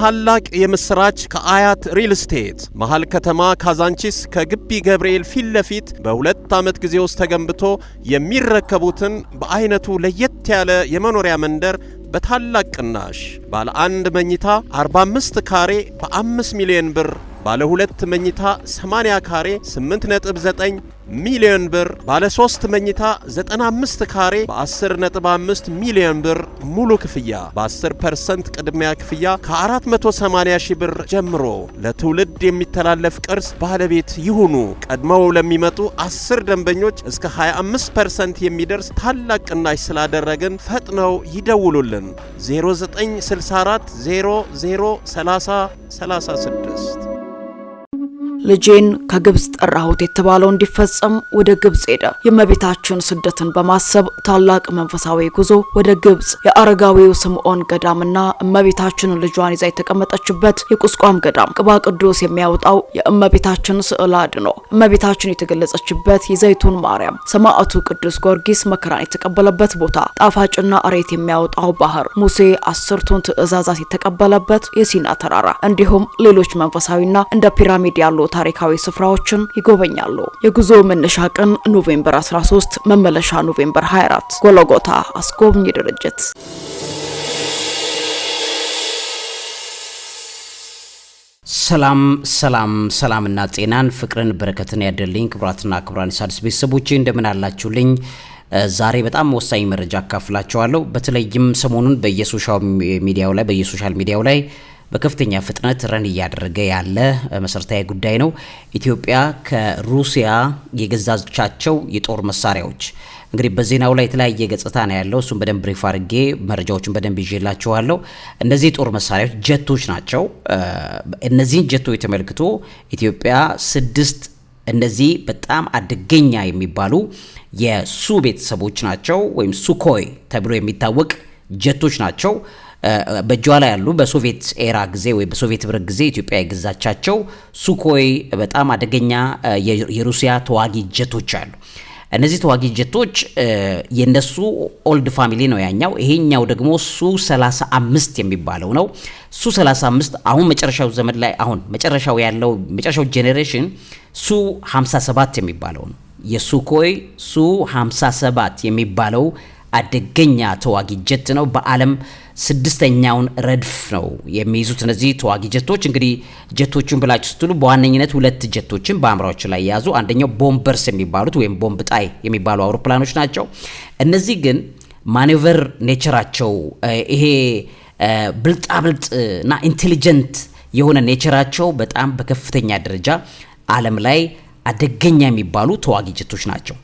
ታላቅ የምስራች ከአያት ሪል ስቴት መሃል ከተማ ካዛንቺስ ከግቢ ገብርኤል ፊት ለፊት በሁለት ዓመት ጊዜ ውስጥ ተገንብቶ የሚረከቡትን በአይነቱ ለየት ያለ የመኖሪያ መንደር በታላቅ ቅናሽ ባለ አንድ መኝታ 45 ካሬ በ5 ሚሊዮን ብር ባለ ሁለት መኝታ 80 ካሬ 8.9 ሚሊዮን ብር፣ ባለ 3 መኝታ 95 ካሬ በ10.5 ሚሊዮን ብር ሙሉ ክፍያ በ10% ቅድሚያ ክፍያ ከ480 ሺህ ብር ጀምሮ ለትውልድ የሚተላለፍ ቅርስ ባለቤት ይሁኑ። ቀድመው ለሚመጡ 10 ደንበኞች እስከ 25% የሚደርስ ታላቅ ቅናሽ ስላደረግን ፈጥነው ይደውሉልን 0964 0030 36 ልጄን ከግብፅ ጠራሁት የተባለው እንዲፈጸም ወደ ግብፅ ሄደ። የእመቤታችን ስደትን በማሰብ ታላቅ መንፈሳዊ ጉዞ ወደ ግብፅ የአረጋዊው ስምዖን ገዳምና እመቤታችን ልጇን ይዛ የተቀመጠችበት የቁስቋም ገዳም ቅባ ቅዱስ የሚያወጣው የእመቤታችን ስዕል አድኖ እመቤታችን የተገለጸችበት የዘይቱን ማርያም ሰማዕቱ ቅዱስ ጊዮርጊስ መከራን የተቀበለበት ቦታ ጣፋጭና እሬት የሚያወጣው ባህር ሙሴ አስርቱን ትእዛዛት የተቀበለበት የሲና ተራራ እንዲሁም ሌሎች መንፈሳዊና እንደ ፒራሚድ ያሉ ታሪካዊ ስፍራዎችን ይጎበኛሉ። የጉዞ መነሻ ቀን ኖቬምበር 13፣ መመለሻ ኖቬምበር 24። ጎሎጎታ አስጎብኝ ድርጅት ሰላም ሰላም ሰላምና ጤናን ፍቅርን በረከትን ያደልኝ ክብራትና ክብራን ሣድስ ቤተሰቦች እንደምን አላችሁልኝ? ዛሬ በጣም ወሳኝ መረጃ አካፍላችኋለሁ። በተለይም ሰሞኑን በየሶሻል ሚዲያው ላይ በየሶሻል ሚዲያው ላይ በከፍተኛ ፍጥነት ረን እያደረገ ያለ መሰረታዊ ጉዳይ ነው። ኢትዮጵያ ከሩሲያ የገዛቻቸው የጦር መሳሪያዎች እንግዲህ በዜናው ላይ የተለያየ ገጽታ ነው ያለው። እሱም በደንብ ብሪፍ አድርጌ መረጃዎችን በደንብ ይዤላችኋለሁ። እነዚህ የጦር መሳሪያዎች ጀቶች ናቸው። እነዚህን ጀቶች ተመልክቶ ኢትዮጵያ ስድስት እነዚህ በጣም አደገኛ የሚባሉ የሱ ቤተሰቦች ናቸው ወይም ሱኮይ ተብሎ የሚታወቅ ጀቶች ናቸው በእጇ ላይ ያሉ በሶቪየት ኤራ ጊዜ ወይ በሶቪየት ህብረት ጊዜ ኢትዮጵያ የገዛቻቸው ሱኮይ በጣም አደገኛ የሩሲያ ተዋጊ ጀቶች አሉ። እነዚህ ተዋጊ ጀቶች የእነሱ ኦልድ ፋሚሊ ነው ያኛው። ይሄኛው ደግሞ ሱ 35 የሚባለው ነው። ሱ 35 አሁን መጨረሻው ዘመን ላይ አሁን መጨረሻው ያለው መጨረሻው ጄኔሬሽን ሱ 57 የሚባለው ነው። የሱኮይ ሱ 57 የሚባለው አደገኛ ተዋጊ ጀት ነው በዓለም ስድስተኛውን ረድፍ ነው የሚይዙት እነዚህ ተዋጊ ጀቶች። እንግዲህ ጀቶቹን ብላችሁ ስትሉ በዋነኝነት ሁለት ጀቶችን በአእምሯችሁ ላይ የያዙ፣ አንደኛው ቦምበርስ የሚባሉት ወይም ቦምብ ጣይ የሚባሉ አውሮፕላኖች ናቸው። እነዚህ ግን ማኔቨር ኔቸራቸው ይሄ ብልጣብልጥ እና ኢንቴሊጀንት የሆነ ኔቸራቸው በጣም በከፍተኛ ደረጃ ዓለም ላይ አደገኛ የሚባሉ ተዋጊ ጀቶች ናቸው።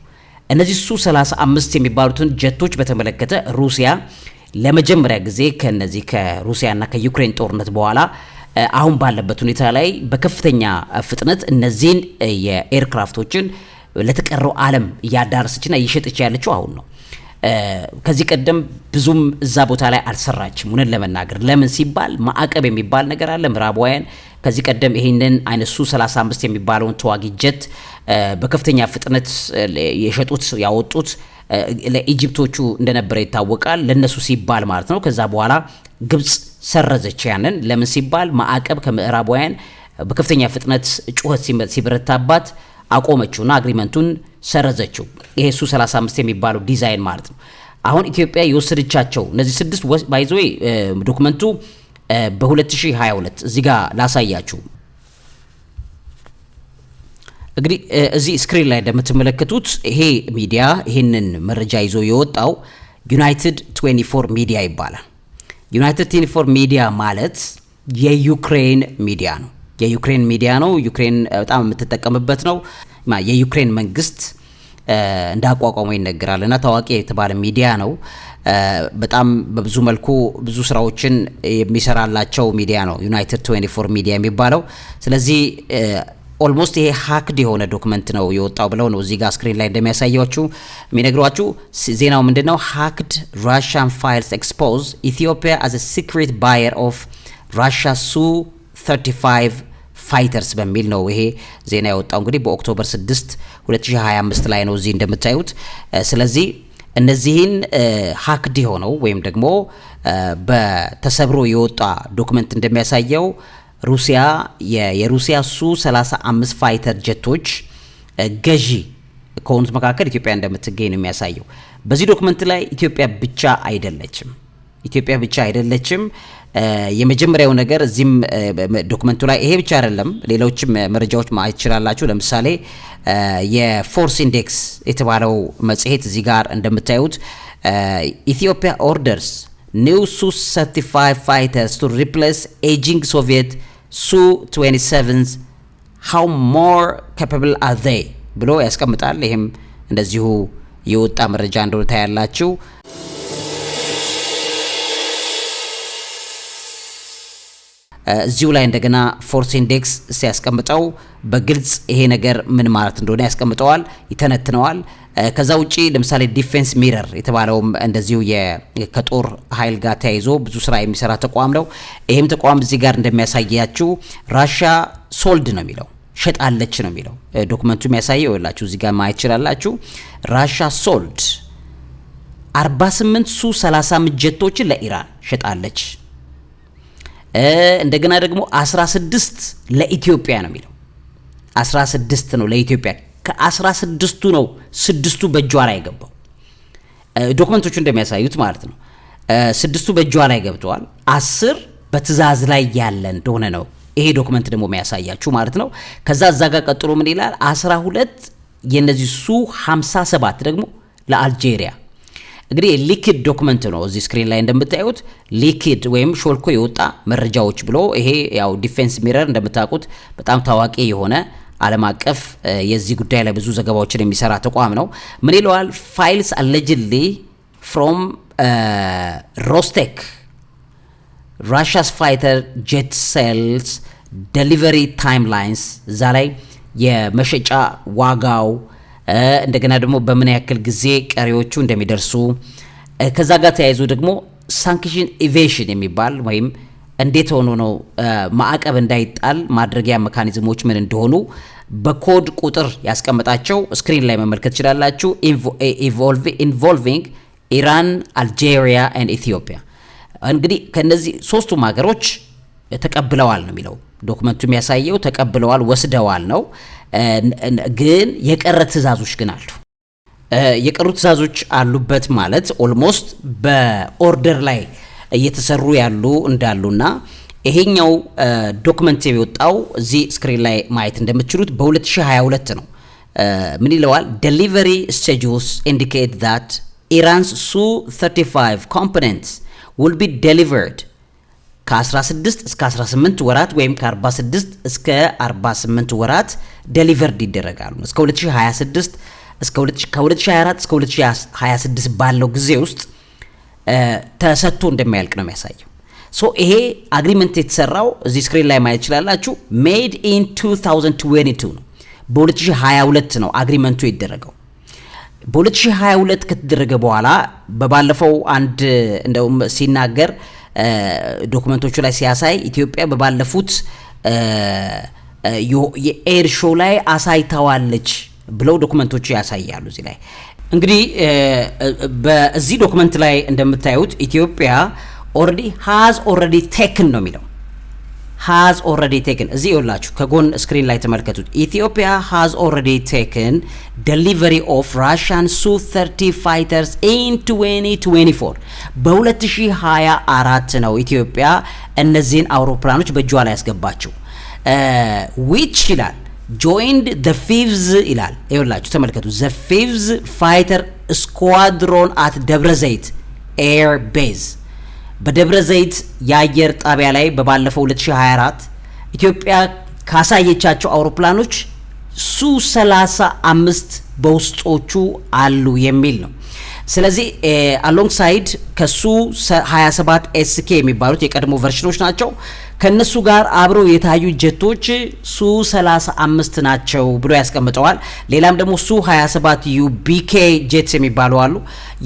እነዚህ ሱ 35 የሚባሉትን ጀቶች በተመለከተ ሩሲያ ለመጀመሪያ ጊዜ ከነዚህ ከሩሲያና ከዩክሬን ጦርነት በኋላ አሁን ባለበት ሁኔታ ላይ በከፍተኛ ፍጥነት እነዚህን የኤርክራፍቶችን ለተቀረው ዓለም እያዳረሰችና እየሸጠች ያለችው አሁን ነው። ከዚህ ቀደም ብዙም እዛ ቦታ ላይ አልሰራችም። እውነት ለመናገር ለምን ሲባል ማዕቀብ የሚባል ነገር አለ። ምዕራባውያን ከዚህ ቀደም ይህንን አይነት ሱ 35 የሚባለውን ተዋጊ ጀት በከፍተኛ ፍጥነት የሸጡት ያወጡት ለኢጅፕቶቹ እንደነበረ ይታወቃል። ለነሱ ሲባል ማለት ነው። ከዛ በኋላ ግብፅ ሰረዘች ያንን። ለምን ሲባል ማዕቀብ ከምዕራባውያን በከፍተኛ ፍጥነት ጩኸት ሲበረታባት አቆመችውና አግሪመንቱን ሰረዘችው። ይሄ እሱ 35 የሚባለው ዲዛይን ማለት ነው። አሁን ኢትዮጵያ የወሰደቻቸው እነዚህ ስድስት ባይዘወይ ዶክመንቱ በ2022 እዚህ ጋር ላሳያችሁ እንግዲህ እዚህ ስክሪን ላይ እንደምትመለከቱት ይሄ ሚዲያ ይህንን መረጃ ይዞ የወጣው ዩናይትድ 24 ሚዲያ ይባላል። ዩናይትድ 24 ሚዲያ ማለት የዩክሬን ሚዲያ ነው። የዩክሬን ሚዲያ ነው። ዩክሬን በጣም የምትጠቀምበት ነው። የዩክሬን መንግስት እንዳቋቋሙ ይነገራል እና ታዋቂ የተባለ ሚዲያ ነው። በጣም በብዙ መልኩ ብዙ ስራዎችን የሚሰራላቸው ሚዲያ ነው ዩናይትድ 24 ሚዲያ የሚባለው ስለዚህ ኦልሞስት ይሄ ሀክድ የሆነ ዶክመንት ነው የወጣው ብለው ነው እዚህ ጋር ስክሪን ላይ እንደሚያሳያችሁ የሚነግሯችሁ። ዜናው ምንድን ነው? ሀክድ ራሽያን ፋይልስ ኤክስፖዝ ኢትዮጵያ አዝ ሲክሬት ባየር ኦፍ ራሽያ ሱ 35 ፋይተርስ በሚል ነው ይሄ ዜና የወጣው እንግዲህ በኦክቶበር 6 2025 ላይ ነው እዚህ እንደምታዩት። ስለዚህ እነዚህን ሀክድ የሆነው ወይም ደግሞ በተሰብሮ የወጣ ዶክመንት እንደሚያሳየው ሩሲያ የሩሲያ ሱ 35 ፋይተር ጀቶች ገዢ ከሆኑት መካከል ኢትዮጵያ እንደምትገኝ ነው የሚያሳየው። በዚህ ዶክመንት ላይ ኢትዮጵያ ብቻ አይደለችም። ኢትዮጵያ ብቻ አይደለችም። የመጀመሪያው ነገር እዚህም ዶክመንቱ ላይ ይሄ ብቻ አይደለም፣ ሌሎችም መረጃዎች ማየት ትችላላችሁ። ለምሳሌ የፎርስ ኢንዴክስ የተባለው መጽሔት እዚህ ጋር እንደምታዩት ኢትዮጵያ ኦርደርስ ኒው ሱ 35 ፋይተርስ ቱ ሪፕሌስ ኤጂንግ ሶቪየት ሱ27 ሃው ሞር ካፓብል አር ዘይ ብሎ ያስቀምጣል። ይህም እንደዚሁ የወጣ መረጃ እንደሆነ ታያላችሁ። እዚሁ ላይ እንደገና ፎርስ ኢንዴክስ ሲያስቀምጠው በግልጽ ይሄ ነገር ምን ማለት እንደሆነ ያስቀምጠዋል፣ ይተነትነዋል። ከዛ ውጪ ለምሳሌ ዲፌንስ ሚረር የተባለውም እንደዚሁ ከጦር ኃይል ጋር ተያይዞ ብዙ ስራ የሚሰራ ተቋም ነው። ይህም ተቋም እዚህ ጋር እንደሚያሳያችው ራሻ ሶልድ ነው የሚለው ሸጣለች ነው የሚለው ዶክመንቱ የሚያሳየው ላችሁ እዚህ ጋር ማየት ይችላላችሁ። ራሻ ሶልድ 48 ሱ 30 ምጀቶችን ለኢራን ሸጣለች። እንደገና ደግሞ 16 ለኢትዮጵያ ነው የሚለው 16 ነው ለኢትዮጵያ ከአስራ ስድስቱ ነው ስድስቱ በእጇ ላይ ገባው። ዶክመንቶቹ እንደሚያሳዩት ማለት ነው። ስድስቱ በእጇ ላይ ገብተዋል። አስር በትዛዝ ላይ ያለ እንደሆነ ነው ይሄ ዶክመንት ደግሞ የሚያሳያችሁ ማለት ነው። ከዛ እዛ ጋር ቀጥሎ ምን ይላል? አስራ ሁለት የእነዚህ ሱ 57 ደግሞ ለአልጄሪያ እንግዲህ ሊኪድ ዶክመንት ነው። እዚህ ስክሪን ላይ እንደምታዩት ሊኪድ ወይም ሾልኮ የወጣ መረጃዎች ብሎ ይሄ ያው ዲፌንስ ሚረር እንደምታውቁት በጣም ታዋቂ የሆነ ዓለም አቀፍ የዚህ ጉዳይ ላይ ብዙ ዘገባዎችን የሚሰራ ተቋም ነው። ምን ይለዋል? ፋይልስ አለጅሊ ፍሮም ሮስቴክ ራሽያስ ፋይተር ጄት ሴልስ ደሊቨሪ ታይም ላይንስ እዛ ላይ የመሸጫ ዋጋው እንደገና ደግሞ በምን ያክል ጊዜ ቀሪዎቹ እንደሚደርሱ ከዛ ጋር ተያይዞ ደግሞ ሳንክሽን ኢቬሽን የሚባል ወይም እንዴት ሆኖ ነው ማዕቀብ እንዳይጣል ማድረጊያ መካኒዝሞች ምን እንደሆኑ በኮድ ቁጥር ያስቀመጣቸው ስክሪን ላይ መመልከት ትችላላችሁ። ኢንቮልቪንግ ኢራን፣ አልጄሪያ ኤንድ ኢትዮጵያ። እንግዲህ ከነዚህ ሶስቱም ሀገሮች ተቀብለዋል ነው የሚለው ዶክመንቱ የሚያሳየው ተቀብለዋል፣ ወስደዋል ነው። ግን የቀረ ትዕዛዞች ግን አሉ። የቀሩ ትእዛዞች አሉበት ማለት ኦልሞስት በኦርደር ላይ እየተሰሩ ያሉ እንዳሉና ይሄኛው ዶክመንት የወጣው እዚህ ስክሪን ላይ ማየት እንደምትችሉት በ2022 ነው። ምን ይለዋል? ደሊቨሪ ስኬጁልስ ኢንዲኬት ዛት ኢራንስ ሱ 35 ኮምፖነንትስ ዊል ቢ ዴሊቨርድ ከ16 እስከ 18 ወራት ወይም ከ46 እስከ 48 ወራት ዴሊቨርድ ይደረጋሉ እስከ 2026 እስከ 2024 እስከ 2026 ባለው ጊዜ ውስጥ ተሰጥቶ እንደማያልቅ ነው የሚያሳየው። ሶ ይሄ አግሪመንት የተሰራው እዚህ ስክሪን ላይ ማየት ይችላላችሁ። ሜድ ኢን 2022 ነው፣ በ2022 ነው አግሪመንቱ የተደረገው። በ2022 ከተደረገ በኋላ በባለፈው አንድ እንደውም ሲናገር ዶክመንቶቹ ላይ ሲያሳይ ኢትዮጵያ በባለፉት የኤር ሾው ላይ አሳይተዋለች ብለው ዶክመንቶቹ ያሳያሉ እዚህ ላይ እንግዲህ በዚህ ዶክመንት ላይ እንደምታዩት ኢትዮጵያ ኦልሬዲ ሃዝ ኦልሬዲ ቴክን ነው የሚለው ሃዝ ኦልሬዲ ቴክን እዚህ ይውላችሁ ከጎን ስክሪን ላይ ተመልከቱት። ኢትዮጵያ ሃዝ ኦልሬዲ ቴክን ደሊቨሪ ኦፍ ራሽያን ሱ 30 ፋይተርስ ኢን 2024 በ2024 ነው ኢትዮጵያ እነዚህን አውሮፕላኖች በእጇ ላይ ያስገባቸው ዊች ይላል ጆይንድ ዘ ፊቭዝ ይላል። ይኸውላችሁ ተመልከቱ። ዘ ፊቭዝ ፋይተር ስኳድሮን አት ደብረ ዘይት ኤር ቤዝ በደብረ ዘይት የአየር ጣቢያ ላይ በባለፈው 2024 ኢትዮጵያ ካሳየቻቸው አውሮፕላኖች ሱ 35 በውስጦቹ አሉ የሚል ነው። ስለዚህ አሎንግሳይድ ሳይድ ከሱ 27 ኤስኬ የሚባሉት የቀድሞ ቨርሽኖች ናቸው። ከነሱ ጋር አብረው የታዩ ጀቶች ሱ 35 ናቸው ብሎ ያስቀምጠዋል። ሌላም ደግሞ ሱ 27 ዩቢኬ ጄትስ የሚባሉ አሉ።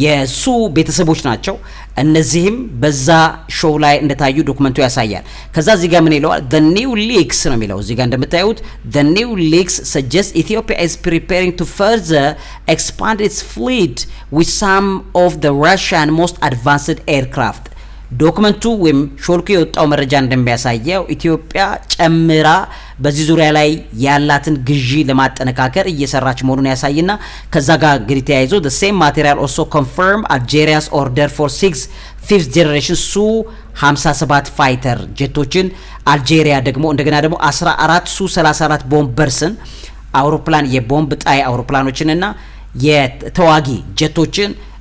የሱ ቤተሰቦች ናቸው። እነዚህም በዛ ሾው ላይ እንደታዩ ዶክመንቱ ያሳያል። ከዛ እዚህ ጋር ምን ይለዋል? ዘ ኒው ሊክስ ነው የሚለው። እዚህ ጋር እንደምታዩት ዘ ኒው ሊክስ ሰጀስት ኢትዮጵያ ኢዝ ፕሪፔሪንግ ቱ ፈርዘር ኤክስፓንድ ኢትስ ፍሊት ዊዝ ሳም ኦፍ ዘ ራሽያን ሞስት አድቫንስድ ኤርክራፍት ዶክመንቱ ወይም ሾልኮ የወጣው መረጃ እንደሚያሳየው ኢትዮጵያ ጨምራ በዚህ ዙሪያ ላይ ያላትን ግዢ ለማጠነካከር እየሰራች መሆኑን ያሳይና ከዛ ጋር እንግዲህ ተያይዞ ዘ ሴም ማቴሪያል also confirm አልጄሪያስ ኦርደር for six fifth generation ሱ 57 ፋይተር ጀቶችን አልጄሪያ ደግሞ እንደገና ደግሞ 14 ሱ 34 ቦምበርስን አውሮፕላን የቦምብ ጣይ አውሮፕላኖችንና የተዋጊ ጀቶችን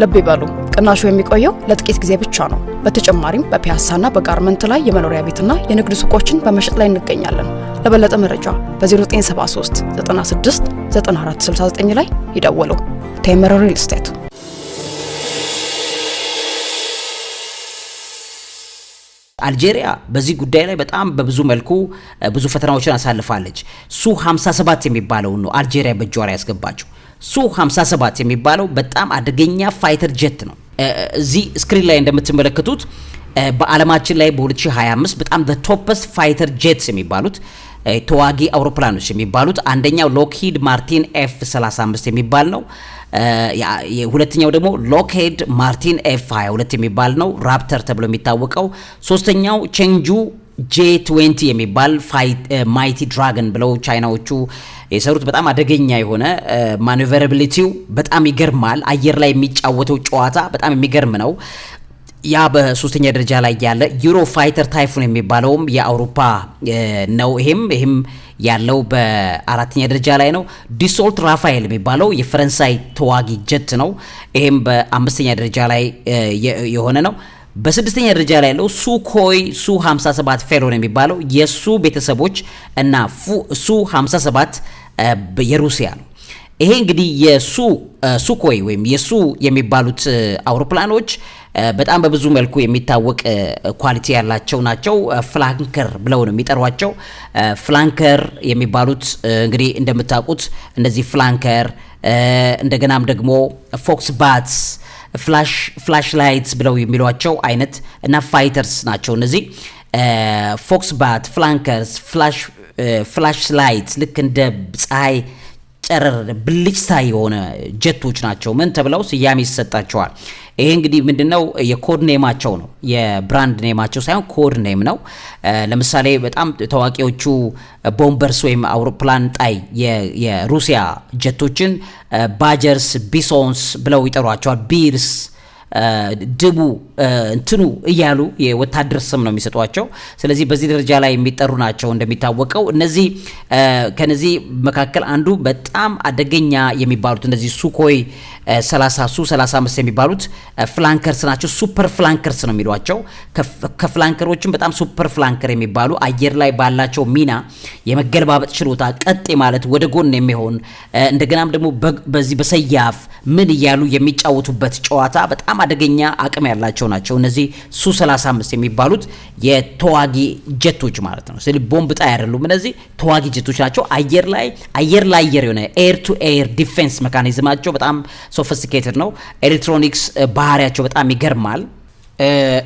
ልብ ይበሉ፣ ቅናሹ የሚቆየው ለጥቂት ጊዜ ብቻ ነው። በተጨማሪም በፒያሳና በጋርመንት ላይ የመኖሪያ ቤትና የንግድ ሱቆችን በመሸጥ ላይ እንገኛለን። ለበለጠ መረጃ በ0973 96 ላይ ይደውሉ። ቴምር ሪል ስቴት አልጄሪያ በዚህ ጉዳይ ላይ በጣም በብዙ መልኩ ብዙ ፈተናዎችን አሳልፋለች። ሱ 57 የሚባለውን ነው አልጄሪያ በእጇ ላይ ያስገባቸው። ሱ 57 የሚባለው በጣም አደገኛ ፋይተር ጀት ነው። እዚህ ስክሪን ላይ እንደምትመለከቱት በዓለማችን ላይ በ2025 በጣም ቶፐስ ፋይተር ጀትስ የሚባሉት ተዋጊ አውሮፕላኖች የሚባሉት አንደኛው ሎክሂድ ማርቲን ኤፍ 35 የሚባል ነው። ሁለተኛው ደግሞ ሎክሂድ ማርቲን ኤፍ 22 የሚባል ነው፣ ራፕተር ተብሎ የሚታወቀው። ሶስተኛው ቼንጁ ጄ ትዌንቲ የሚባል ማይቲ ድራገን uh, ብለው ቻይናዎቹ የሰሩት በጣም አደገኛ የሆነ ማኑቨራብሊቲው uh, በጣም ይገርማል። አየር ላይ የሚጫወተው ጨዋታ በጣም የሚገርም ነው። ያ በሶስተኛ ደረጃ ላይ ያለ ዩሮ ፋይተር ታይፉን የሚባለውም የአውሮፓ uh, ነው። ይሄም ይሄም ያለው በአራተኛ ደረጃ ላይ ነው። ዲሶልት ራፋኤል የሚባለው የፈረንሳይ ተዋጊ ጀት ነው። ይሄም በአምስተኛ ደረጃ ላይ የሆነ ነው። በስድስተኛ ደረጃ ላይ ያለው ሱኮይ ሱ 57 ፌሎን የሚባለው የሱ ቤተሰቦች እና ሱ 57 የሩሲያ ነው። ይሄ እንግዲህ የሱ ሱኮይ ወይም የሱ የሚባሉት አውሮፕላኖች በጣም በብዙ መልኩ የሚታወቅ ኳሊቲ ያላቸው ናቸው። ፍላንከር ብለው ነው የሚጠሯቸው። ፍላንከር የሚባሉት እንግዲህ እንደምታውቁት እነዚህ ፍላንከር እንደገናም ደግሞ ፎክስ ባትስ ፍላሽ ላይትስ ብለው የሚሏቸው አይነት እና ፋይተርስ ናቸው እነዚህ ባት፣ ፍላንከርስ፣ ፍላሽ ላይትስ ልክ እንደ ፀሐይ ጨረር ብልጭታ የሆነ ጀቶች ናቸው። ምን ተብለው ስያሜ ይሰጣቸዋል? ይሄ እንግዲህ ምንድነው የኮድ ኔማቸው ነው። የብራንድ ኔማቸው ሳይሆን ኮድ ኔም ነው። ለምሳሌ በጣም ታዋቂዎቹ ቦምበርስ ወይም አውሮፕላን ጣይ የሩሲያ ጀቶችን ባጀርስ፣ ቢሶንስ ብለው ይጠሯቸዋል። ቢርስ ድቡ እንትኑ እያሉ የወታደር ስም ነው የሚሰጧቸው። ስለዚህ በዚህ ደረጃ ላይ የሚጠሩ ናቸው። እንደሚታወቀው እነዚህ ከነዚህ መካከል አንዱ በጣም አደገኛ የሚባሉት እነዚህ ሱኮይ 30 ሱ 35 የሚባሉት ፍላንከርስ ናቸው። ሱፐር ፍላንከርስ ነው የሚሏቸው። ከፍላንከሮችም በጣም ሱፐር ፍላንከር የሚባሉ አየር ላይ ባላቸው ሚና የመገልባበጥ ችሎታ ቀጥ ማለት ወደ ጎን የሚሆን እንደገናም ደግሞ በዚህ በሰያፍ ምን እያሉ የሚጫወቱበት ጨዋታ በጣም አደገኛ አቅም ያላቸው ናቸው። እነዚህ ሱ 35 የሚባሉት የተዋጊ ጀቶች ማለት ነው። ስለዚህ ቦምብ ጣይ አይደሉም። እነዚህ ተዋጊ ጀቶች ናቸው። አየር ላይ አየር ላይ አየር የሆነ ኤር ቱ ኤር ዲፌንስ መካኒዝማቸው በጣም ሶፊስቲኬትድ ነው። ኤሌክትሮኒክስ ባህሪያቸው በጣም ይገርማል።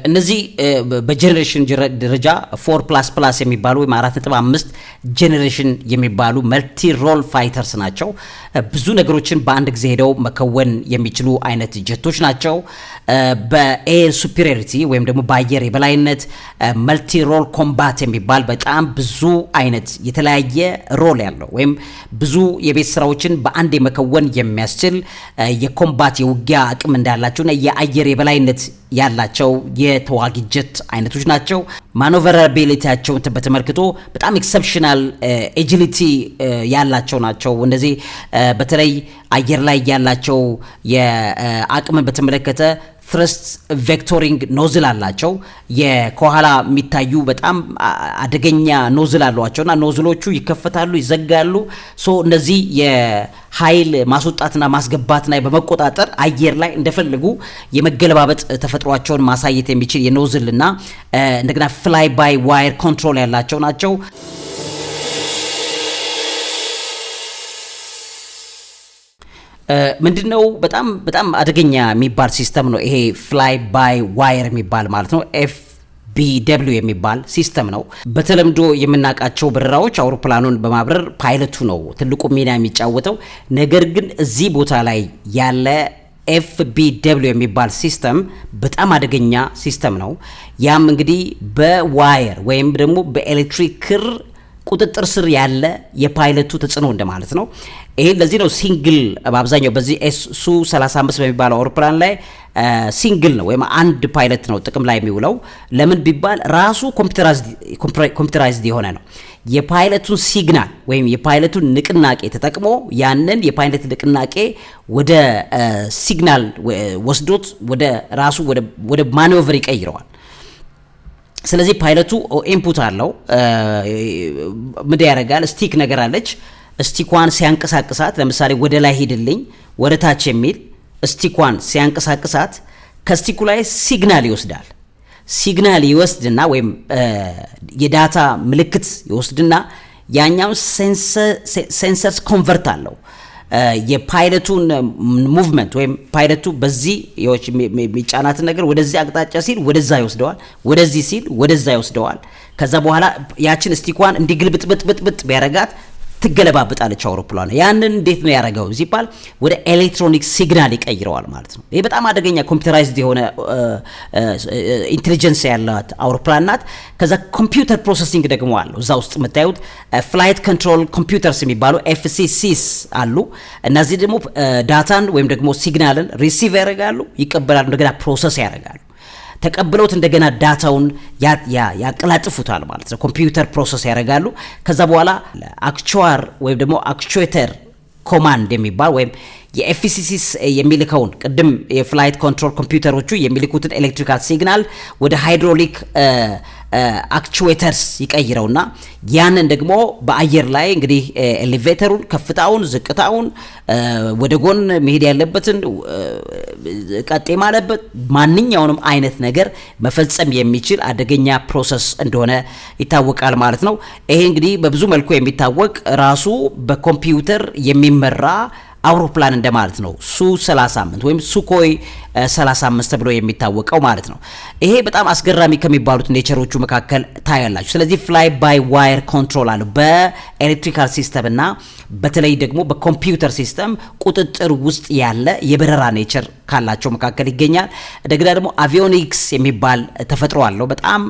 እነዚህ በጀኔሬሽን ደረጃ ፎር ፕላስ ፕላስ የሚባሉ ወይም አራት ነጥብ አምስት ጀኔሬሽን የሚባሉ መልቲ ሮል ፋይተርስ ናቸው። ብዙ ነገሮችን በአንድ ጊዜ ሄደው መከወን የሚችሉ አይነት ጀቶች ናቸው። በኤር ሱፔሪዮሪቲ ወይም ደግሞ በአየር የበላይነት መልቲ ሮል ኮምባት የሚባል በጣም ብዙ አይነት የተለያየ ሮል ያለው ወይም ብዙ የቤት ስራዎችን በአንድ የመከወን የሚያስችል የኮምባት የውጊያ አቅም እንዳላቸውና የአየር የበላይነት ያላቸው የተዋጊ ጀት አይነቶች ናቸው። ማኖቨራቢሊቲያቸውን በተመልክቶ በጣም ኤክሰፕሽናል ኤጂሊቲ ያላቸው ናቸው። እነዚህ በተለይ አየር ላይ ያላቸው የአቅምን በተመለከተ ትረስት ቬክቶሪንግ ኖዝል አላቸው። የከኋላ የሚታዩ በጣም አደገኛ ኖዝል አሏቸው እና ኖዝሎቹ ይከፈታሉ፣ ይዘጋሉ። ሶ እነዚህ የኃይል ማስወጣትና ማስገባትና በመቆጣጠር አየር ላይ እንደፈለጉ የመገለባበጥ ተፈጥሯቸውን ማሳየት የሚችል የኖዝል እና እንደገና ፍላይ ባይ ዋይር ኮንትሮል ያላቸው ናቸው። ምንድነው በጣም በጣም አደገኛ የሚባል ሲስተም ነው ይሄ ፍላይ ባይ ዋየር የሚባል ማለት ነው ኤፍ ደብሊው የሚባል ሲስተም ነው። በተለምዶ የምናውቃቸው በረራዎች አውሮፕላኑን በማብረር ፓይለቱ ነው ትልቁ ሚና የሚጫወተው። ነገር ግን እዚህ ቦታ ላይ ያለ ኤፍ ደብሊው የሚባል ሲስተም በጣም አደገኛ ሲስተም ነው። ያም እንግዲህ በዋየር ወይም ደግሞ በኤሌክትሪክ ክር ቁጥጥር ስር ያለ የፓይለቱ ተጽዕኖ እንደማለት ነው። ይሄ ለዚህ ነው ሲንግል በአብዛኛው በዚህ ኤሱ 35 በሚባለው አውሮፕላን ላይ ሲንግል ነው ወይም አንድ ፓይለት ነው ጥቅም ላይ የሚውለው። ለምን ቢባል ራሱ ኮምፒውተራይዝድ የሆነ ነው። የፓይለቱን ሲግናል ወይም የፓይለቱን ንቅናቄ ተጠቅሞ ያንን የፓይለት ንቅናቄ ወደ ሲግናል ወስዶት ወደ ራሱ ወደ ማኖቨር ይቀይረዋል። ስለዚህ ፓይለቱ ኢንፑት አለው ምድ ያደርጋል። ስቲክ ነገር አለች እስቲኳን ሲያንቀሳቅሳት ለምሳሌ ወደ ላይ ሄድልኝ ወደ ታች የሚል እስቲኳን ሲያንቀሳቅሳት ከስቲኩ ላይ ሲግናል ይወስዳል። ሲግናል ይወስድና ወይም የዳታ ምልክት ይወስድና ያኛው ሴንሰርስ ኮንቨርት አለው። የፓይለቱን ሙቭመንት ወይም ፓይለቱ በዚህ የሚጫናትን ነገር ወደዚህ አቅጣጫ ሲል ወደዛ ይወስደዋል፣ ወደዚህ ሲል ወደዛ ይወስደዋል። ከዛ በኋላ ያችን ስቲኳን እንዲግልብጥብጥብጥብጥ ቢያረጋት ትገለባብጣለች አውሮፕላን። ያንን እንዴት ነው ያደረገው ሲባል ወደ ኤሌክትሮኒክ ሲግናል ይቀይረዋል ማለት ነው። ይህ በጣም አደገኛ ኮምፒውተራይዝድ የሆነ ኢንቴሊጀንስ ያላት አውሮፕላን ናት። ከዛ ኮምፒውተር ፕሮሰሲንግ ደግሞ አለው እዛ ውስጥ የምታዩት ፍላይት ኮንትሮል ኮምፒውተርስ የሚባሉ ኤፍሲሲስ አሉ። እነዚህ ደግሞ ዳታን ወይም ደግሞ ሲግናልን ሪሲቭ ያደርጋሉ፣ ይቀበላሉ፣ እንደገና ፕሮሰስ ያደርጋሉ። ተቀብለውት እንደገና ዳታውን ያቀላጥፉታል ማለት ነው። ኮምፒውተር ፕሮሰስ ያደርጋሉ። ከዛ በኋላ አክቹዋር ወይም ደግሞ አክቹዌተር ኮማንድ የሚባል ወይም የኤፊሲሲስ የሚልከውን ቅድም የፍላይት ኮንትሮል ኮምፒውተሮቹ የሚልኩትን ኤሌክትሪካል ሲግናል ወደ ሃይድሮሊክ አክቹዌተርስ uh, ይቀይረውና ያንን ደግሞ በአየር ላይ እንግዲህ ኤሌቬተሩን uh, ከፍታውን፣ ዝቅታውን፣ uh, ወደ ጎን መሄድ ያለበትን ቀጤ ማለበት ማንኛውንም አይነት ነገር መፈጸም የሚችል አደገኛ ፕሮሰስ እንደሆነ ይታወቃል ማለት ነው። ይሄ እንግዲህ በብዙ መልኩ የሚታወቅ ራሱ በኮምፒውተር የሚመራ አውሮፕላን እንደማለት ነው። ሱ 38 ወይም ሱኮይ 35 ተብሎ የሚታወቀው ማለት ነው። ይሄ በጣም አስገራሚ ከሚባሉት ኔቸሮቹ መካከል ታያላችሁ። ስለዚህ ፍላይ ባይ ዋየር ኮንትሮል አለው በኤሌክትሪካል ሲስተም እና በተለይ ደግሞ በኮምፒውተር ሲስተም ቁጥጥር ውስጥ ያለ የበረራ ኔቸር ካላቸው መካከል ይገኛል። እንደገና ደግሞ አቪዮኒክስ የሚባል ተፈጥሮ አለው። በጣም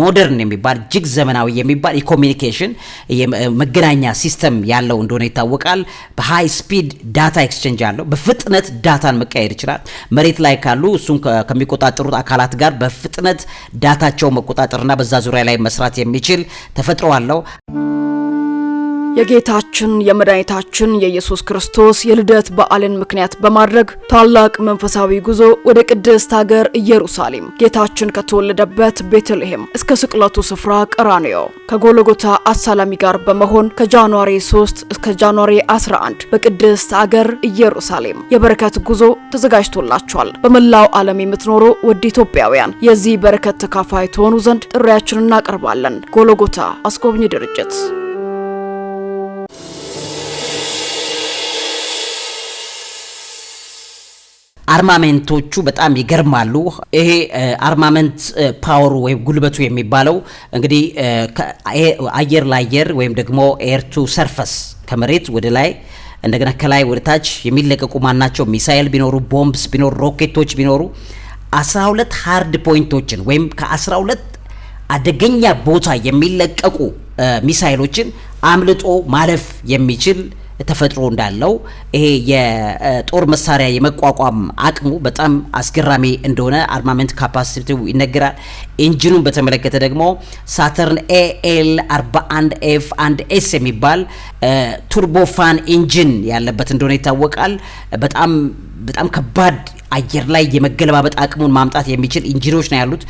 ሞደርን የሚባል እጅግ ዘመናዊ የሚባል የኮሚኒኬሽን የመገናኛ ሲስተም ያለው እንደሆነ ይታወቃል። በሃይ ስፒድ ዳታ ኤክስቼንጅ አለው። በፍጥነት ዳታን መቀያየር ይችላል። መሬት ላይ ላይ ካሉ እሱን ከሚቆጣጠሩት አካላት ጋር በፍጥነት ዳታቸው መቆጣጠርና በዛ ዙሪያ ላይ መስራት የሚችል ተፈጥሮ አለው። የጌታችን የመድኃኒታችን የኢየሱስ ክርስቶስ የልደት በዓልን ምክንያት በማድረግ ታላቅ መንፈሳዊ ጉዞ ወደ ቅድስት ሀገር ኢየሩሳሌም ጌታችን ከተወለደበት ቤተልሔም እስከ ስቅለቱ ስፍራ ቀራንዮ ከጎልጎታ አሳላሚ ጋር በመሆን ከጃንዋሪ 3 እስከ ጃንዋሪ 11 በቅድስት ሀገር ኢየሩሳሌም የበረከት ጉዞ ተዘጋጅቶላችኋል። በመላው ዓለም የምትኖሩ ውድ ኢትዮጵያውያን የዚህ በረከት ተካፋይ ትሆኑ ዘንድ ጥሪያችንን እናቀርባለን። ጎለጎታ አስጎብኝ ድርጅት አርማመንቶቹ በጣም ይገርማሉ። ይሄ አርማመንት ፓወሩ ወይም ጉልበቱ የሚባለው እንግዲህ አየር ለአየር ወይም ደግሞ ኤር ቱ ሰርፈስ ከመሬት ወደ ላይ እንደገና ከላይ ወደ ታች የሚለቀቁ ማናቸው ሚሳይል ቢኖሩ ቦምብስ ቢኖሩ ሮኬቶች ቢኖሩ 12 ሃርድ ፖይንቶችን ወይም ከ12 አደገኛ ቦታ የሚለቀቁ ሚሳይሎችን አምልጦ ማለፍ የሚችል ተፈጥሮ እንዳለው ይሄ የጦር መሳሪያ የመቋቋም አቅሙ በጣም አስገራሚ እንደሆነ አርማመንት ካፓሲቲ ይነገራል። ኢንጂኑን በተመለከተ ደግሞ ሳተርን ኤኤል 41 ኤፍ አንድ ኤስ የሚባል ቱርቦፋን ኢንጂን ያለበት እንደሆነ ይታወቃል። በጣም በጣም ከባድ አየር ላይ የመገለባበጥ አቅሙን ማምጣት የሚችል ኢንጂኖች ነው ያሉት።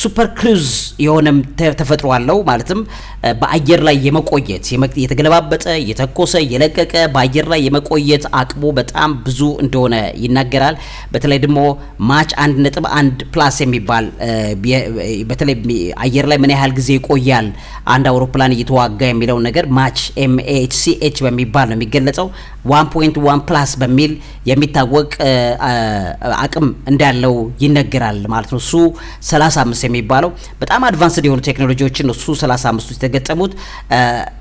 ሱፐር ክሩዝ የሆነም ተፈጥሮ አለው። ማለትም በአየር ላይ የመቆየት የተገለባበጠ፣ የተኮሰ፣ የለቀቀ በአየር ላይ የመቆየት አቅሙ በጣም ብዙ እንደሆነ ይናገራል። በተለይ ደግሞ ማች አንድ ነጥብ አንድ ፕላስ የሚባል በተለይ አየር ላይ ምን ያህል ጊዜ ይቆያል አንድ አውሮፕላን እየተዋጋ የሚለው ነገር ማች ኤምኤችሲኤች በሚባል ነው የሚገለጸው። ዋን ፖይንት ዋን ፕላስ በሚል የሚ የሚታወቅ አቅም እንዳለው ይነገራል ማለት ነው። እሱ 35 የሚባለው በጣም አድቫንስድ የሆኑ ቴክኖሎጂዎችን እሱ 35 ውስጥ የተገጠሙት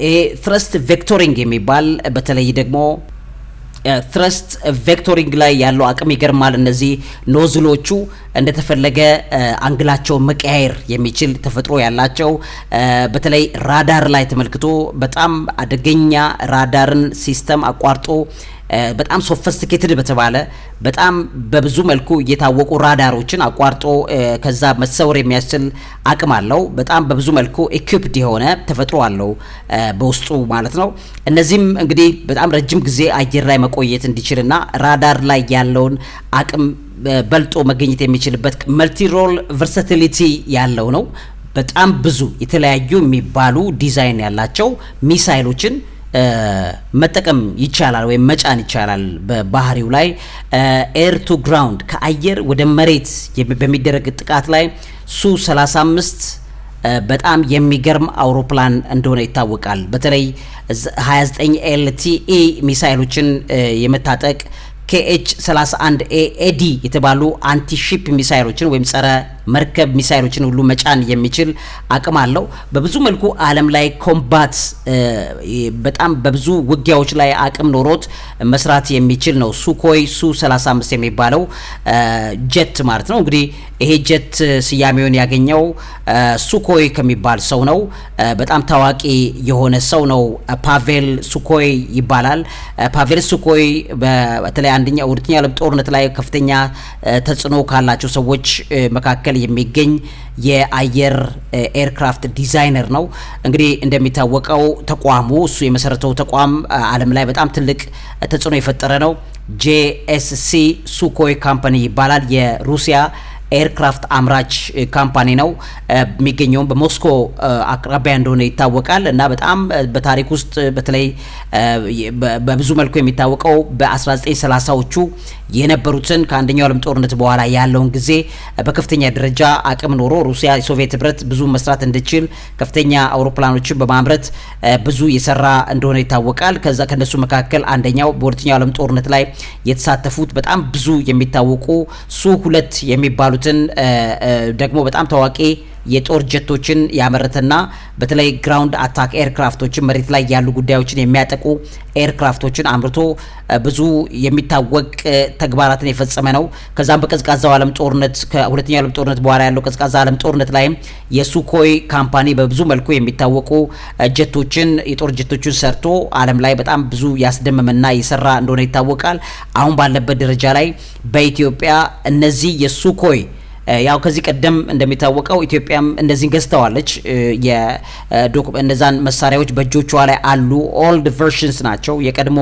ይሄ ትረስት ቬክቶሪንግ የሚባል በተለይ ደግሞ ትረስት ቬክቶሪንግ ላይ ያለው አቅም ይገርማል። እነዚህ ኖዝሎቹ እንደተፈለገ አንግላቸው መቀያየር የሚችል ተፈጥሮ ያላቸው በተለይ ራዳር ላይ ተመልክቶ በጣም አደገኛ ራዳርን ሲስተም አቋርጦ በጣም ሶፈስቲኬትድ በተባለ በጣም በብዙ መልኩ የታወቁ ራዳሮችን አቋርጦ ከዛ መሰወር የሚያስችል አቅም አለው። በጣም በብዙ መልኩ ኢኩፕድ የሆነ ተፈጥሮ አለው በውስጡ ማለት ነው። እነዚህም እንግዲህ በጣም ረጅም ጊዜ አየር ላይ መቆየት እንዲችልና ራዳር ላይ ያለውን አቅም በልጦ መገኘት የሚችልበት መልቲሮል ቨርሳቲሊቲ ያለው ነው። በጣም ብዙ የተለያዩ የሚባሉ ዲዛይን ያላቸው ሚሳይሎችን መጠቀም ይቻላል ወይም መጫን ይቻላል። በባህሪው ላይ ኤር ቱ ግራውንድ ከአየር ወደ መሬት በሚደረግ ጥቃት ላይ ሱ 35 በጣም የሚገርም አውሮፕላን እንደሆነ ይታወቃል። በተለይ 29 ኤልቲኢ ሚሳይሎችን የመታጠቅ ኬኤች 31 ኤ ኤዲ የተባሉ አንቲሺፕ ሚሳይሎችን ወይም ጸረ መርከብ ሚሳይሎችን ሁሉ መጫን የሚችል አቅም አለው። በብዙ መልኩ ዓለም ላይ ኮምባት በጣም በብዙ ውጊያዎች ላይ አቅም ኖሮት መስራት የሚችል ነው። ሱኮይ ሱ 35 የሚባለው ጀት ማለት ነው። እንግዲህ ይሄ ጀት ስያሜውን ያገኘው ሱኮይ ከሚባል ሰው ነው። በጣም ታዋቂ የሆነ ሰው ነው። ፓቬል ሱኮይ ይባላል። ፓቬል ሱኮይ በተለይ አንደኛ ሁለተኛ ዓለም ጦርነት ላይ ከፍተኛ ተጽዕኖ ካላቸው ሰዎች መካከል መካከል የሚገኝ የአየር ኤርክራፍት ዲዛይነር ነው። እንግዲህ እንደሚታወቀው ተቋሙ እሱ የመሰረተው ተቋም ዓለም ላይ በጣም ትልቅ ተጽዕኖ የፈጠረ ነው። ጄኤስሲ ሱኮይ ካምፓኒ ይባላል። የሩሲያ ኤርክራፍት አምራች ካምፓኒ ነው። የሚገኘውም በሞስኮ አቅራቢያ እንደሆነ ይታወቃል እና በጣም በታሪክ ውስጥ በተለይ በብዙ መልኩ የሚታወቀው በ1930ዎቹ የነበሩትን ከአንደኛው ዓለም ጦርነት በኋላ ያለውን ጊዜ በከፍተኛ ደረጃ አቅም ኖሮ ሩሲያ የሶቪየት ህብረት ብዙ መስራት እንድችል ከፍተኛ አውሮፕላኖችን በማምረት ብዙ የሰራ እንደሆነ ይታወቃል። ከዛ ከነሱ መካከል አንደኛው በሁለተኛው ዓለም ጦርነት ላይ የተሳተፉት በጣም ብዙ የሚታወቁ ሱ ሁለት የሚባሉትን ደግሞ በጣም ታዋቂ የጦር ጀቶችን ያመረተና በተለይ ግራውንድ አታክ ኤርክራፍቶችን መሬት ላይ ያሉ ጉዳዮችን የሚያጠቁ ኤርክራፍቶችን አምርቶ ብዙ የሚታወቅ ተግባራትን የፈጸመ ነው። ከዛም በቀዝቃዛው ዓለም ጦርነት ከሁለተኛው ዓለም ጦርነት በኋላ ያለው ቀዝቃዛ ዓለም ጦርነት ላይም የሱኮይ ካምፓኒ በብዙ መልኩ የሚታወቁ ጀቶችን የጦር ጀቶችን ሰርቶ ዓለም ላይ በጣም ብዙ ያስደመመና የሰራ እንደሆነ ይታወቃል። አሁን ባለበት ደረጃ ላይ በኢትዮጵያ እነዚህ የሱኮይ ያው ከዚህ ቀደም እንደሚታወቀው ኢትዮጵያም እንደዚህ ገዝተዋለች። እነዛን መሳሪያዎች በእጆቿ ላይ አሉ። ኦልድ ቨርሽንስ ናቸው፣ የቀድሞ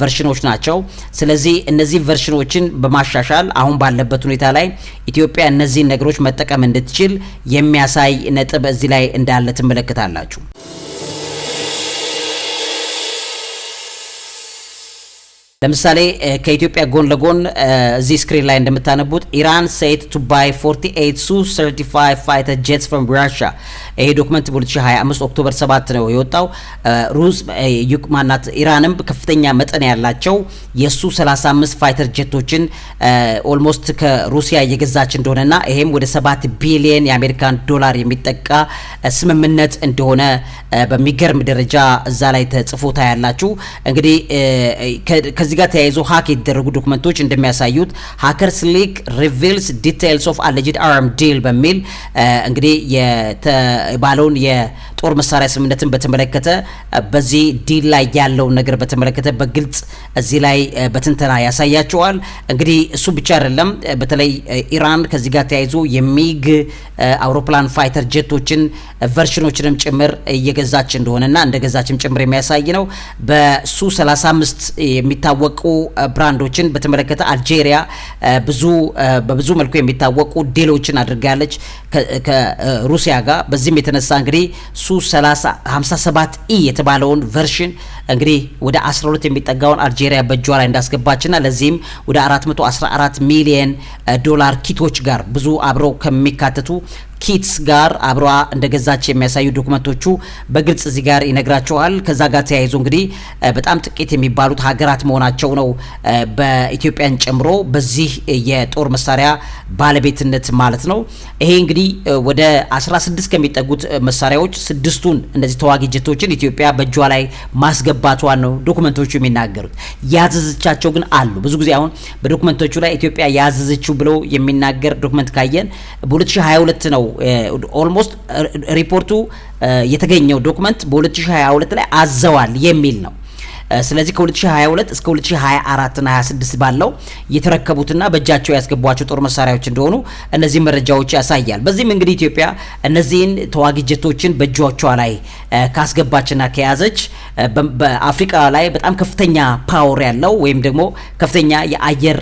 ቨርሽኖች ናቸው። ስለዚህ እነዚህ ቨርሽኖችን በማሻሻል አሁን ባለበት ሁኔታ ላይ ኢትዮጵያ እነዚህን ነገሮች መጠቀም እንድትችል የሚያሳይ ነጥብ እዚህ ላይ እንዳለ ትመለከታላችሁ። ለምሳሌ ከኢትዮጵያ ጎን ለጎን እዚህ ስክሪን ላይ እንደምታነቡት ኢራን ሴት ቱ ባይ 48 ሱ 35 ፋይተር ጄትስ ፍሮም ራሽያ ይሄ ዶክመንት በ2025 ኦክቶበር 7 ነው የወጣው። ሩስ ማናት ኢራንም ከፍተኛ መጠን ያላቸው የሱ 35 ፋይተር ጀቶችን ኦልሞስት ከሩሲያ እየገዛች እንደሆነና ይሄም ወደ 7 ቢሊየን የአሜሪካን ዶላር የሚጠቃ ስምምነት እንደሆነ በሚገርም ደረጃ እዛ ላይ ተጽፎታ ያላችሁ እንግዲህ ከዚህ ጋር ተያይዞ ሀክ የተደረጉ ዶክመንቶች እንደሚያሳዩት ሀከርስ ሊክ ሪቪልስ ዲቴይልስ ኦፍ አሌጅድ አርም ዲል በሚል እንግዲህ ባለውን የጦር መሳሪያ ስምምነትን በተመለከተ በዚህ ዲል ላይ ያለውን ነገር በተመለከተ በግልጽ እዚህ ላይ በትንተና ያሳያቸዋል። እንግዲህ እሱ ብቻ አይደለም። በተለይ ኢራን ከዚህ ጋር ተያይዞ የሚግ አውሮፕላን ፋይተር ጀቶችን ቨርሽኖችንም ጭምር እየገዛች እንደሆነና እንደ ገዛችም ጭምር የሚያሳይ ነው። በሱ 35 የሚታወቁ ብራንዶችን በተመለከተ አልጄሪያ ብዙ በብዙ መልኩ የሚታወቁ ዴሎችን አድርጋለች ከሩሲያ ጋር በዚህ በዚህም የተነሳ እንግዲህ ሱ 57 ኢ የተባለውን ቨርሽን እንግዲህ ወደ 12 የሚጠጋውን አልጄሪያ በእጇ ላይ እንዳስገባችና ለዚህም ወደ 414 ሚሊየን ዶላር ኪቶች ጋር ብዙ አብረው ከሚካተቱ ኪትስ ጋር አብሯ እንደገዛች የሚያሳዩ ዶክመንቶቹ በግልጽ እዚህ ጋር ይነግራቸዋል። ከዛ ጋር ተያይዞ እንግዲህ በጣም ጥቂት የሚባሉት ሀገራት መሆናቸው ነው በኢትዮጵያን ጨምሮ በዚህ የጦር መሳሪያ ባለቤትነት ማለት ነው። ይሄ እንግዲህ ወደ 16 ከሚጠጉት መሳሪያዎች ስድስቱን እነዚህ ተዋጊ ጀቶችን ኢትዮጵያ በእጇ ላይ ማስገባቷን ነው ዶክመንቶቹ የሚናገሩት። ያዘዘቻቸው ግን አሉ። ብዙ ጊዜ አሁን በዶክመንቶቹ ላይ ኢትዮጵያ ያዘዘችው ብለው የሚናገር ዶክመንት ካየን በ2022 ነው ኦልሞስት ሪፖርቱ የተገኘው ዶክመንት በ2022 ላይ አዘዋል የሚል ነው። ስለዚህ ከ2022 እስከ 2024ና 26 ባለው የተረከቡትና በእጃቸው ያስገቧቸው ጦር መሳሪያዎች እንደሆኑ እነዚህ መረጃዎች ያሳያል። በዚህም እንግዲህ ኢትዮጵያ እነዚህን ተዋጊ ጀቶችን በእጇቿ ላይ ካስገባችና ከያዘች በአፍሪካ ላይ በጣም ከፍተኛ ፓወር ያለው ወይም ደግሞ ከፍተኛ የአየር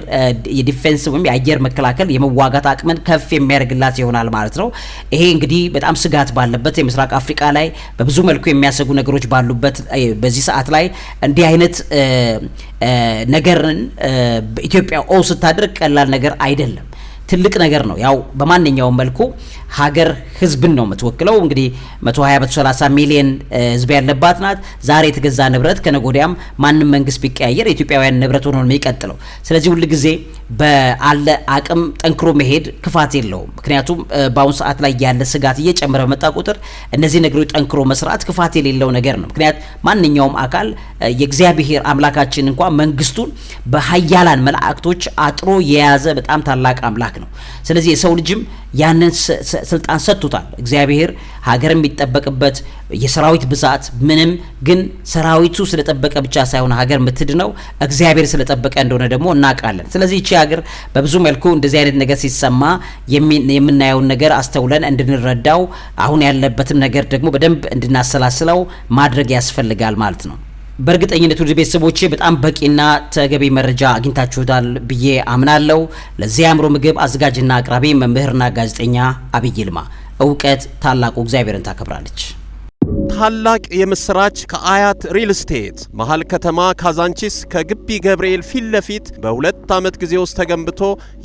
የዲፌንስ ወይም የአየር መከላከል የመዋጋት አቅምን ከፍ የሚያደርግላት ይሆናል ማለት ነው። ይሄ እንግዲህ በጣም ስጋት ባለበት የምስራቅ አፍሪካ ላይ በብዙ መልኩ የሚያሰጉ ነገሮች ባሉበት በዚህ ሰዓት ላይ እንዲህ አይነት ነገርን በኢትዮጵያ ኦ ስታደርግ ቀላል ነገር አይደለም፣ ትልቅ ነገር ነው። ያው በማንኛውም መልኩ ሀገር ህዝብን ነው የምትወክለው። እንግዲህ 120 130 ሚሊዮን ህዝብ ያለባት ናት። ዛሬ የተገዛ ንብረት ከነጎዲያም ማንም መንግስት ቢቀያየር የኢትዮጵያውያን ንብረት ሆኖ የሚቀጥለው። ስለዚህ ሁል ጊዜ በአለ አቅም ጠንክሮ መሄድ ክፋት የለውም። ምክንያቱም በአሁኑ ሰዓት ላይ ያለ ስጋት እየጨመረ በመጣ ቁጥር እነዚህ ነገሮች ጠንክሮ መስራት ክፋት የሌለው ነገር ነው። ምክንያት ማንኛውም አካል የእግዚአብሔር አምላካችን እንኳ መንግስቱን በሀያላን መላእክቶች አጥሮ የያዘ በጣም ታላቅ አምላክ ነው። ስለዚህ የሰው ልጅም ያንን ስልጣን ሰጥቶታል እግዚአብሔር። ሀገር የሚጠበቅበት የሰራዊት ብዛት ምንም፣ ግን ሰራዊቱ ስለጠበቀ ብቻ ሳይሆን ሀገር ነው እግዚአብሔር ስለጠበቀ እንደሆነ ደግሞ እናውቃለን። ስለዚህ ይቺ ሀገር በብዙ መልኩ እንደዚህ አይነት ነገር ሲሰማ የምናየውን ነገር አስተውለን እንድንረዳው፣ አሁን ያለበትም ነገር ደግሞ በደንብ እንድናሰላስለው ማድረግ ያስፈልጋል ማለት ነው። በእርግጠኝነት ውድ ቤተሰቦቼ በጣም በቂና ተገቢ መረጃ አግኝታችሁታል ብዬ አምናለሁ። ለዚህ አእምሮ ምግብ አዘጋጅና አቅራቢ መምህርና ጋዜጠኛ አብይ ይልማ። እውቀት ታላቁ እግዚአብሔርን ታከብራለች። ታላቅ የምስራች ከአያት ሪል ስቴት መሀል ከተማ ካዛንቺስ ከግቢ ገብርኤል ፊት ለፊት በሁለት ዓመት ጊዜ ውስጥ ተገንብቶ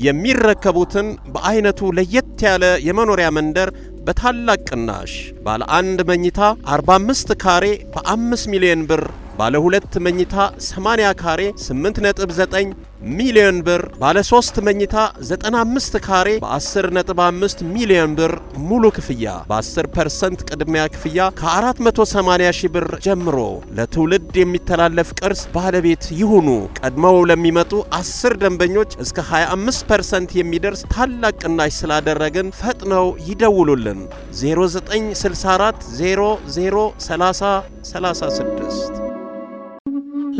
የሚረከቡትን በአይነቱ ለየት ያለ የመኖሪያ መንደር በታላቅ ቅናሽ ባለ አንድ መኝታ 45 ካሬ በ5 ሚሊዮን ብር ባለ ሁለት መኝታ 80 ካሬ 8.9 ሚሊዮን ብር፣ ባለ 3 መኝታ 95 ካሬ በ10.5 ሚሊዮን ብር ሙሉ ክፍያ በ10% ቅድሚያ ክፍያ ከ480 ሺህ ብር ጀምሮ ለትውልድ የሚተላለፍ ቅርስ ባለቤት ይሁኑ። ቀድመው ለሚመጡ 10 ደንበኞች እስከ 25% የሚደርስ ታላቅ ቅናሽ ስላደረግን ፈጥነው ይደውሉልን 0964 0030 36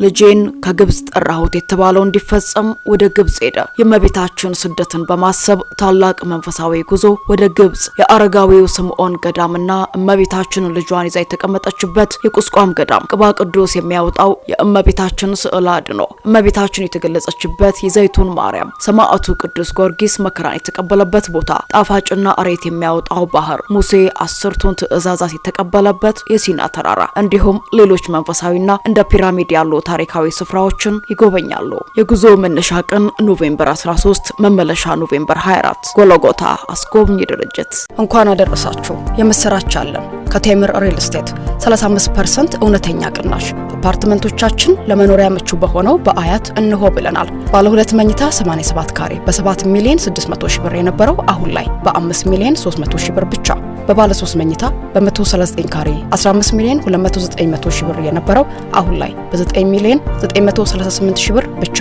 ልጄን ከግብፅ ጠራሁት የተባለው እንዲፈጸም ወደ ግብፅ ሄደ። የእመቤታችን ስደትን በማሰብ ታላቅ መንፈሳዊ ጉዞ ወደ ግብፅ የአረጋዊው ስምዖን ገዳምና እመቤታችን ልጇን ይዛ የተቀመጠችበት የቁስቋም ገዳም ቅባ ቅዱስ የሚያወጣው የእመቤታችን ስዕል አድኖ እመቤታችን የተገለጸችበት የዘይቱን ማርያም ሰማዕቱ ቅዱስ ጊዮርጊስ መከራን የተቀበለበት ቦታ ጣፋጭና እሬት የሚያወጣው ባህር ሙሴ አስርቱን ትእዛዛት የተቀበለበት የሲና ተራራ እንዲሁም ሌሎች መንፈሳዊና እንደ ፒራሚድ ያሉ ታሪካዊ ስፍራዎችን ይጎበኛሉ። የጉዞ መነሻ ቀን ኖቬምበር 13፣ መመለሻ ኖቬምበር 24። ጎለጎታ አስጎብኝ ድርጅት እንኳን አደረሳችሁ። የምስራች አለን ከቴምር ሪል ስቴት 35% እውነተኛ ቅናሽ አፓርትመንቶቻችን ለመኖሪያ ምቹ በሆነው በአያት እንሆ ብለናል። ባለ ሁለት መኝታ 87 ካሬ በ7 ሚሊዮን 600 ሺህ ብር የነበረው አሁን ላይ በ5 ሚሊዮን 300 ሺህ ብር ብቻ በባለ 3 መኝታ በ139 ካሬ 15 ሚሊዮን 290 ሺህ ብር የነበረው አሁን ላይ በ9 ሚሊዮን 938 ሺህ ብር ብቻ።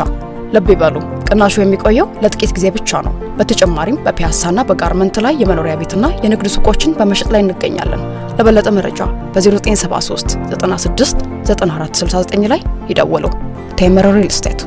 ልብ ይበሉ ቅናሹ የሚቆየው ለጥቂት ጊዜ ብቻ ነው። በተጨማሪም በፒያሳና በጋርመንት ላይ የመኖሪያ ቤትና የንግድ ሱቆችን በመሸጥ ላይ እንገኛለን። ለበለጠ መረጃ በ0973 96 9469 ላይ ይደውሉ። ቴምር ሪል ስቴት